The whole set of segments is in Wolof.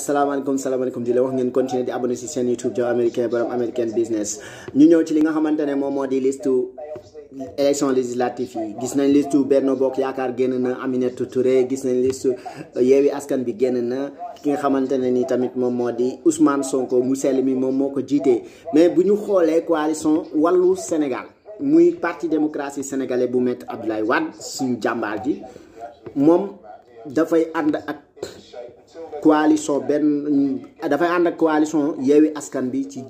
salaamaaleykum salaamaaleykum di la wax ngeen continuer di abonné ci seen YouTube Diaw américain borom American business ñu ñëw ci li nga xamante ne moom moo di liste élection législative yi gis nañ liste benn Bokk Yaakaar génn na Aminata Touré gis nañ liste Yewwi Askan bi génn na ki nga xamante ne ni tamit moom moo di Ousmane Sonko mu sell mi moom moo ko jiitee mais bu ñu xoolee coalition Wallu Sénégal muy parti démocratie sénégalais bu Maître Abdoulaye Wade suñu jàmbaar ji coalition ben, coalition yewi askan bi ci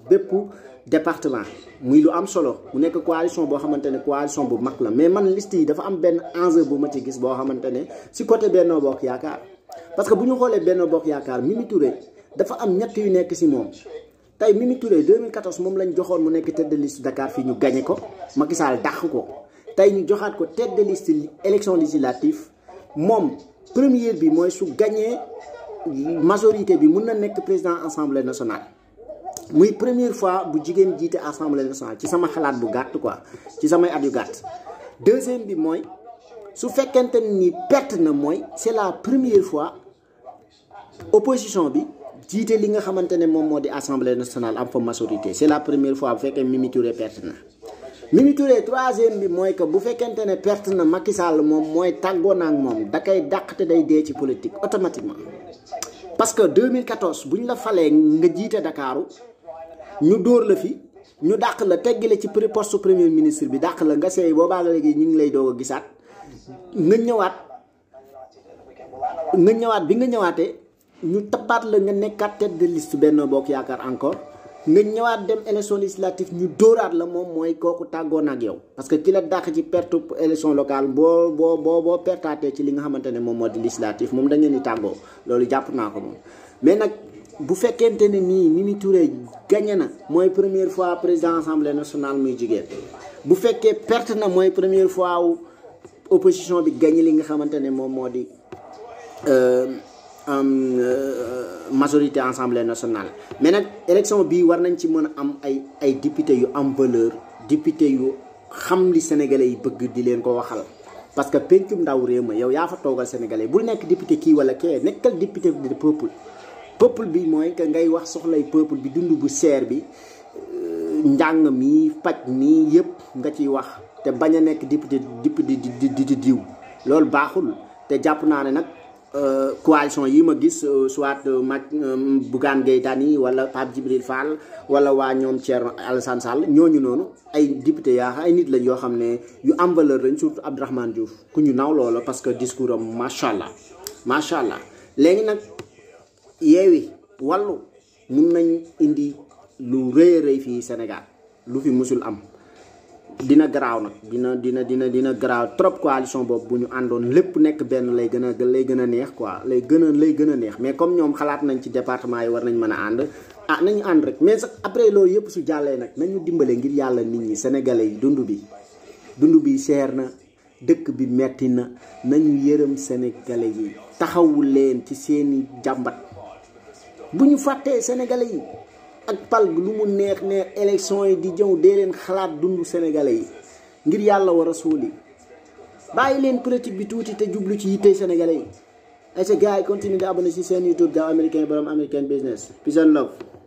département muy lu am solo coalition qui coalition bu mais man liste yi dafa am ben enjeu bu ma ci gis côté parce que Mimi Touré am yu Mimi Touré 2014 lañ mu tête de liste Dakar ñu ko Macky Sall ko tête de liste élection législative mom premier bi majorité bi mun na président assemblée nationale muy première fois bu jigen jiite assemblée nationale ci sama xalat bu gàtt quoi ci sama ay adu gàtt deuxième bi moy su fekkente ni perte na moy c'est la première fois opposition bi jiite li nga xamantene mom modi assemblée nationale am fa majorité c'est la première fois bu fekkee Mimi Touré perte na Mimi Touré troisième bi moy que bu fekkente ne perte na Macky Sall moom mooy tàggoon ak mom da kay dàq te day dé ci politique automatiquement parce que 2014 si nous la falé nga jité nous ñu dóor la fi ñu la ci poste premier ministre bi dàq la nga bo ñing lay dogo gisat nga ñëwaat nga ñëwaat bi nga ñëwaaté ñu nous la nga tête de liste Benno Bokk encore nga ñëwaat dem élection législative ñu dooraat la moom mooy kooku tàggoon ak yow parce que ki la dàq ci perte élection locale boo boo boo boo pertaatee ci li nga xamante ne moom moo di législative moom dañ leen di tàggoo loolu jàpp naa ko moom. mais nag bu fekkente ne nii Mimi Touré gagné na mooy première fois président assemblée nationale muy jigéen bu fekkee perte na mooy première fois opposition bi gagné li nga xamante ne moom moo di. Euh, Euh, majorité assemblée nationale mais nag élection bii war nañ ci mën a am ay ay député yu am valeur député yu xam li sénégalais yi bëgg di leen ko waxal parce que pencum ndaw réew ma yow yaa fa toogal sénégalais bul nekk député kii wala kee nekkal député de peuple peuple bi mooy que ngay wax soxlay peuple bi dund bu seer bi euh, njàng mi faj mi yëpp nga ciy wax te bañ a nekk député député di di diw loolu baaxul te jàpp naa ne nag Euh, coalition yi ma gis euh, soit euh, ma Bougane Gueye Dany wala Pape Djibril Fall wala waa ñoom Thierno Alassane Sall ñooñu noonu ay député yaa ay nit lañ yoo xam ne yu am valeur lañ surtout Abdourahmane Diouf ku ñu naw loola parce que discours am macha allah macha allah léegi nag yeewi wàllu mun nañ indi lu rëy rëy fii Sénégal lu fi musul am. dina garaaw nag dina dina dina dina garaaw trop coalition boobu bu ñu àndoon lépp nekk benn lay gën a lay gën a neex quoi lay gën a lay gën a neex mais comme ñoom xalaat nañ ci département yi war nañ mën a ànd ah nañu ànd rek mais sax après loolu yëpp su jàllee nag nañu dimbale ngir yàlla nit ñi senegale yi dund bi dund bi seer na dëkk bi metti na nañu yërëm sénégalais yi taxawul leen ci seeni jàmbat bu ñu fàttee sénégalais yi ak pal lu mu neex neex élection yi di jëw dee leen xalaat dundu sénégalais yi ngir yàlla war a suuli bàyyi leen politique bi tuuti te jublu ci yitte sénégalais yi et ce gars yi continue di abonné ci seen YouTube Diaw Américain borom American business peace and love